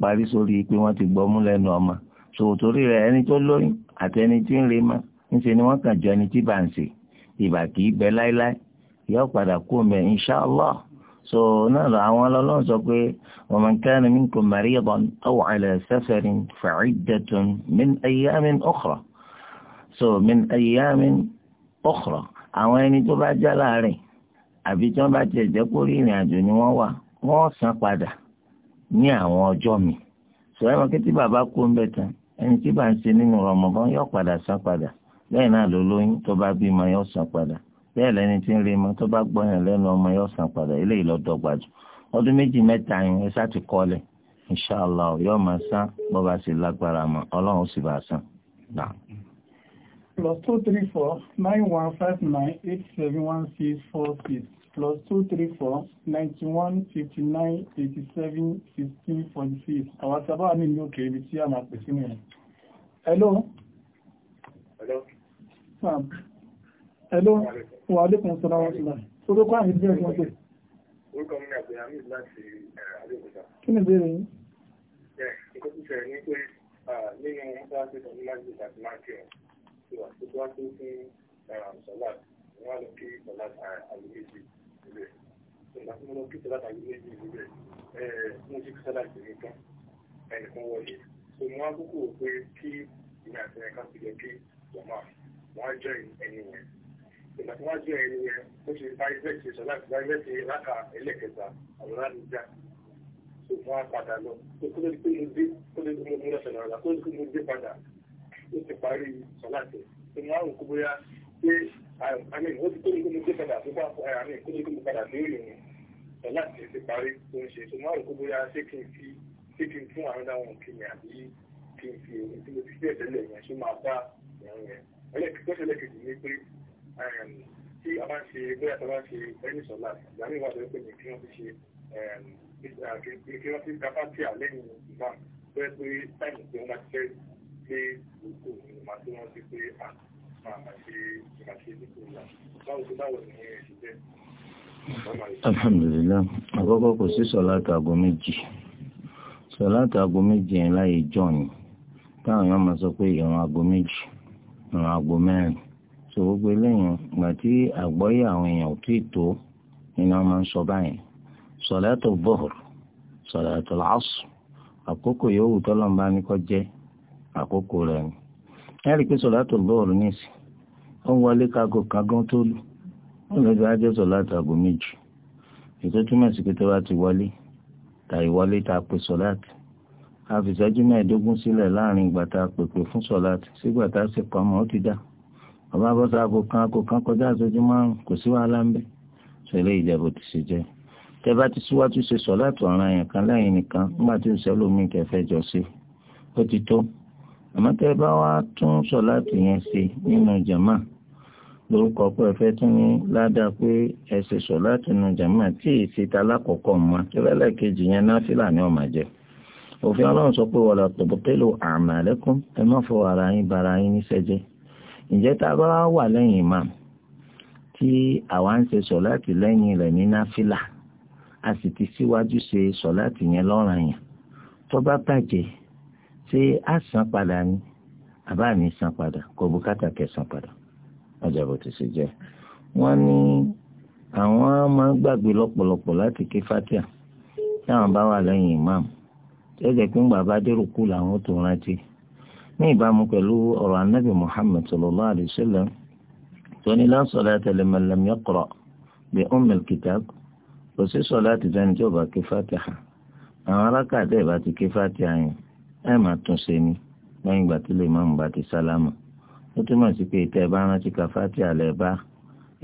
parí sórí pé wọ́n ti gbọ́mú lẹ́nu ọmọ sòwòtórí rẹ̀ ẹni tó lóyún àtẹni tí ń re mọ́ ńṣe ni wọ́n kàn jọ ẹni tí bá ń ṣe ìbà kì í bẹ láéláé yóò padà kú mẹ inṣàlá so náà lọ àwọn ọlọ́run sọ pé wa man kana minkum maridan aw ala safarin fa iddatun min ayyamin ukhra so min ayyamin ukhra àwọn ẹni tó bá já láàrin àbí tí wọ́n bá tiẹ̀ jẹ́ kó rí ìrìn àjò ni wọ́n wà wọ́n san padà ní àwọn ọjọ́ mi sọ ẹ kí tí bàbá kú ń bẹ tán ẹni tí bá ń ṣe nínú Ramadan yóò padà san padà bẹ́ẹ̀ náà ló lóyún tó bá bímọ yóò san padà bẹ́ẹ̀ lẹ́ni tí ń rí mọ́ tó bá gbọ́yàn lẹ́nu ọmọ yóò san padà eléyìí lọ dọ́gba jù ọdún méjì mẹ́ta yẹn ẹ sá ti kọ́lẹ̀ inṣàlá yóò máa san bó bá ṣe lágbára mọ́ ọlọ́run sì bá san. plus two three four nine one five nine eight seven one six four six. plus two three four ninety one fifty nine eighty seven sixteen forty six àwọn sábà mi ní òkè ibi tí a máa pè sínú ẹ̀. hello. hello. sam. hello. wa aleykum salaam wa rahmatulah. orúkọ àmì ìbílẹ̀ tí wọ́n pè. orúkọ mi ni abdulhamid láti eh, abẹ́òkúta. kí ni ìbéèrè yín. ẹ nǹkan tó ṣẹlẹ̀ ni pé nínú mọ́sáàsì tó ní láti ṣàtì máa eh, kí ọ ìwà tó tó wá tó fún ṣọlá ìwádìí kí ṣọlá àlùmíjì síbẹ̀ ìgbà tí mo lọ kí sọ́lá tàbí méjì síbẹ̀ mo ti kí sọ́lá ìgbìmọ̀ tán ẹnìkan wọlé so mo á kókò pé kí ìgbà àti ẹ̀ka ti lọ kí jọ̀mọ́ wọ́n á jẹ́ ẹni yẹn ìgbà tí wọ́n á jẹ́ ẹni yẹn ó ṣe báyìí sọ́lá ti báyìí ti láka ẹlẹ́kẹta àwòrán mi já so mo á padà lọ so kó ló di pé mo dé kó ló di pé mo lọ sọ̀rọ̀ àgbà kó ló di pé mo dé àmì ó ti tó ní kí mo gbé padà tó bá àmì kó ní kí mo padà léèrè wọn ọ̀la ti ti parí tó ń ṣe tó máa rò kó bóyá ṣé kí n fi ṣé kí n fún àwọn dáwọn kí ni àbí kí n fi èyí tí mo ti bẹ̀rẹ̀ tẹ́lẹ̀ yẹn ṣó máa bá ìyàwó yẹn ẹlẹ́kẹ̀kẹ́ lẹ́kẹ̀kẹ́ ni, pé um, tí a bá ń ṣe bóyá tí a bá ń ṣe ẹni sọ̀la ìgbà mi wà lọ́wọ́ pé ní kí wọ́n ti ṣe um, kí wọ́n ti kápá tí à lẹ́yìn ìgbà bẹ́ẹ̀ pé táìmù tí wọ́n máa ṣiṣẹ́ pé òkú ni màá tí wọ́n ti pé àná ah, alhamdulilah àkọ́kọ́ kò sí sọ̀lá àtàgọ́ méjì sọ̀lá àtàgọ́ méjì yẹn láyé jọ̀ ni táwọn èèyàn máa sọ pé ìrun méjì mẹ́rin gbogbo tí àgbọ́yé àwọn èèyàn ò tí ì tó ni wọ́n máa ẹ rí i pé sọ̀látò lọ́ọ̀rù ní ìsìn ó ń wọlé kágo kágán tó lù ó lọ́jọ́ ajé sọ̀látò àgọ́ méjì ètò túmọ̀ sí pé tó bá ti wọlé tà ìwọlé tá a pè sọ̀látò a fi ìṣẹ́jú mẹ́ẹ̀ẹ́dógún sílẹ̀ láàrin ìgbà tá a pèpè fún sọ̀látò sígbà tá a sì kọ́ ọmọ ó ti dá ọba bọ́sà àgọ́ kan àgọ́ kan kọjá àṣojú márùn kò sí wàhálà ń bẹ́ sọ̀rọ̀ ìjẹ́bù ti ṣe jẹ́ tẹ bá ti síwájú ṣe sọ̀látò ọ̀ràn yẹn kan lẹ́yìn nìkan nígbà tí ìṣẹ́lómi kẹfẹ́ jọ sí ó ti tó àmọ́ tẹ́ bá wá tún sọ̀láàtì yẹn ṣe nínú jàmá lórúkọ pé ẹ fẹ́ tún ní ládàá pé ẹ ṣe sọ̀láàtì nínú jàmá tí èsì ta mọ́ tẹ́lẹ̀ kejì yẹn náfìlà ni ó máa jẹ́ òfin ọlọ́run sọ pé wala tubtilu a'malakum ẹ má fọ ara yín bara yín níṣẹ́ jẹ́ ǹjẹ́ tá a bá wà lẹ́yìn imam tí àwa ń ṣe sọ̀láàtì lẹ́yìn rẹ̀ ní náfìlà a sì ti síwájú ṣe sọ̀láàtì yẹn lọ́ranyàn tó bá bàjẹ́ ṣé a san padà ni àbá mi san padà kò bùkátà kẹ san padà ọjà bó ti ṣe jẹ wọ́n ní àwọn máa gbàgbé lọ́pọ̀lọpọ̀ láti ké fatia táwọn bá wà lẹ́yìn imam jẹjẹ pé ńgbà bá dérò kú làwọn tó rántí ní ìbámu pẹ̀lú ọ̀rọ̀ anábì muhammed sallallahu alayhi wa sallam tó ní kò sí sọlá ti fẹ́ni tí ò bá ké fatia àwọn ẹ máa tún ṣe ni lẹ́yìn ìgbà tí lè má mú bá ti sálámà ó túmọ̀ sí pé ìtẹ́ bá rántí ka fátíà lẹ̀ bá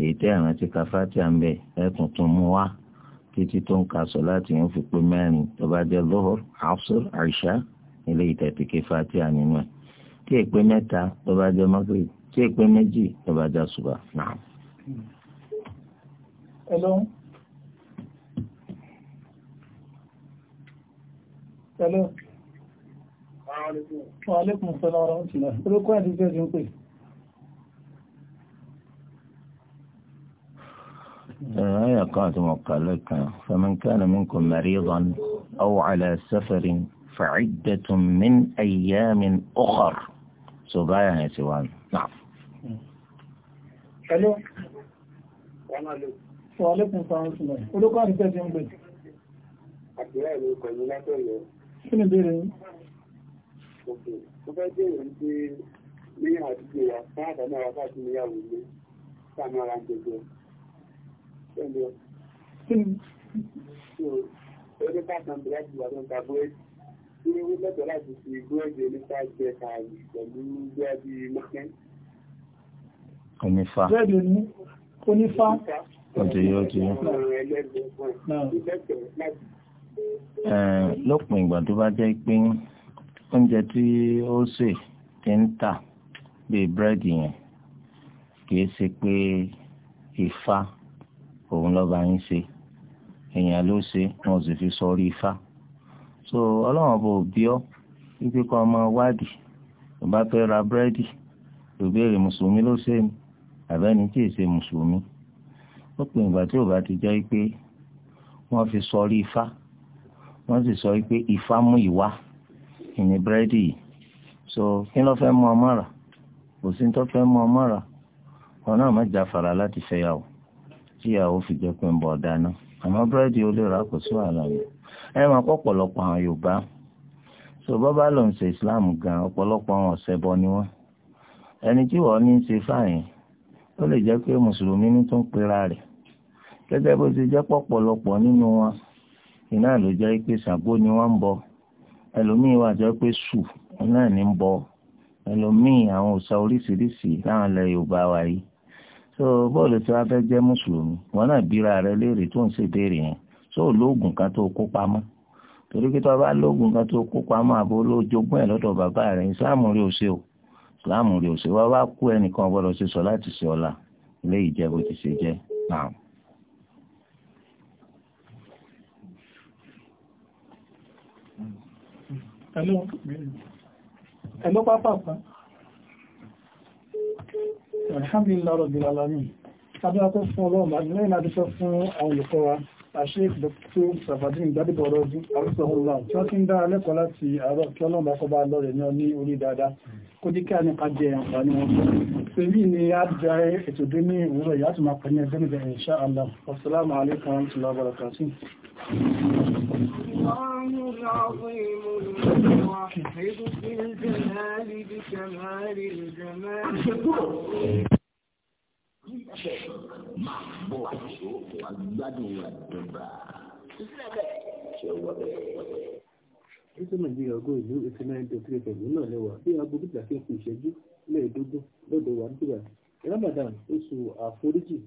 èyí tẹ́ rántí ka fátíà ń bẹ̀ ẹ tuntun mú wá títí tó ń ka sọ láti yẹn fi pé mẹ́rin tó bá jẹ́ lọ́hùr àfṣùr àṣà ilé ìtẹ̀tì ké fátíà ẹ̀ tí è mẹ́ta tó bá jẹ́ mọ́kìrì tí è méjì tó bá jẹ́ àṣùbà náà. Hello. Hello. وعليكم السلام ورحمة الله ركوع àti ìjọ́ ìjọ́ pè. آية قاعدة لك فمن كان منكم مريضا أو على سفر فعدة من أيام أخر سبايا يا سوال نعم ألو وعليكم السلام ورحمة الله ولو كان رجال òkè mo fẹ́ bèèrè ń pé ní àdúgbò wa káàdà náà wà fáàtì níyàwó ilé sáàmù ara jẹjẹ ẹ̀lọ́ ẹgbẹ́ pàtàkì bí láti wà lọ́ta búrẹ́dì tí ó lẹ́tọ̀ láti fi búrẹ́dì onífà jẹ kààyè pẹ̀lú búrẹ́dì mọ́kẹ́ onífà búrẹ́dì onífà ọdún yóò ti yọ lópin ìgbà tó bá jẹ́ pé oúnjẹ tí ó sè ti ń tà bíi búrẹ́dì yẹn kìí ṣe pé ifá òun lọ́ba yín ṣe èèyàn ló ṣe wọn sì fi sọrí ifá so ọlọ́run bò bí ọ́ wípé kọ́ ọmọ wádìí tó bá fẹ́ ra búrẹ́dì tó béèrè mùsùlùmí ló ṣe ni àbẹ́ni tí ì ṣe mùsùlùmí ó pè ìgbà tí ò bá ti jẹ́ pé wọ́n fi sọrí ifá wọ́n sì sọ pé ifá mú ìwá kéèkì búrẹ́dì yìí so kí ló fẹ́ mú ọmọ rà kò sí tó fẹ́ mú ọmọ rà wọn náà má jà fara láti fẹ́yàwó tíyàwó fi jẹ́ pé ń bọ̀ dáná àmọ́ búrẹ́dì ó lè rà kò sí wàhálà yìí ẹ máa kọ́ ọ̀pọ̀lọpọ̀ àwọn Yorùbá so bọ́bá ló ń ṣe Islam gan ọ̀pọ̀lọpọ̀ àwọn ọ̀sẹ̀bọ ni wọ́n ẹni tí wọ́n ní í ṣe fáyìn ó lè jẹ́ pé mùsùlùmí ní tó ń pera rẹ̀ gẹ́gẹ́ bó ti jẹ́ pọ̀pọ̀lọpọ̀ nínú wọn iná ló jẹ́ pé Ṣàngó ni wọ́n ń bọ̀ ẹlòmíì wà jọ pé sù náà ní ń bọ ẹlòmíì àwọn òòṣà oríṣiríṣi láwọn ilẹ̀ yorùbá wa yìí so bọ́ọ̀lù tí wàá fẹ́ jẹ́ mùsùlùmí wọn náà bíra rẹ léèrè tó ń ṣèbéèrè yẹn so lóògùn kan tó kó pamọ́ torí pé tó bá lóògùn kan tó kó pamọ́ àbó ló jogún ẹ̀ lọ́dọ̀ bàbá rẹ̀ ìsìláàmù rí òṣè o ìsìláàmù rí òṣè wá wá kú ẹnìkan gbọ́dọ̀ ṣe sọ láti ṣe ọ̀la ilé ìjẹ́ ti ṣe jẹ́ náà. Hello pápápá. Alhamdulillah Rabbil Alamin. Adúrakọ́ fún ọlọ́run bá nílẹ̀ ìlàdíṣọ́ fún àwọn olùkọ́ wa, Sheikh Dr. Safadin Gbadébọ̀ Rọ́dún, Arúsọ̀húnlá, tí wọ́n ti ń dára lẹ́kọ̀ọ́ láti àárọ̀ kí ọlọ́run bá kọ́ bá lọ́rẹ̀ ní ọ ní orí dáadáa, kó dí kí a ní ká jẹ àǹfààní wọn. Sèbí ni a jẹ ètò dé ní òwúrọ̀ ìyá tó máa pẹ̀lú ẹgbẹ́ níbẹ̀ insha Allah. Wassalamu alaikum warahmatullahi wabarakatuh. الله العظيم الموحد في الجلال بكمال الجمال Ṣẹ̀ máa bọ̀ àṣọ àgbádùn àdúgbà. Ṣé wọ́n bẹ̀rẹ̀? Títí Nàìjíríà ọgọ́ ìlú eighty nine dot three pẹ̀lú náà lẹ́wà bí aago mítà fi ń kú ìṣẹ́jú lẹ́ẹ̀ẹ́dógún lọ́dọ̀ wà nígbà. Ramadan oṣù àforíjì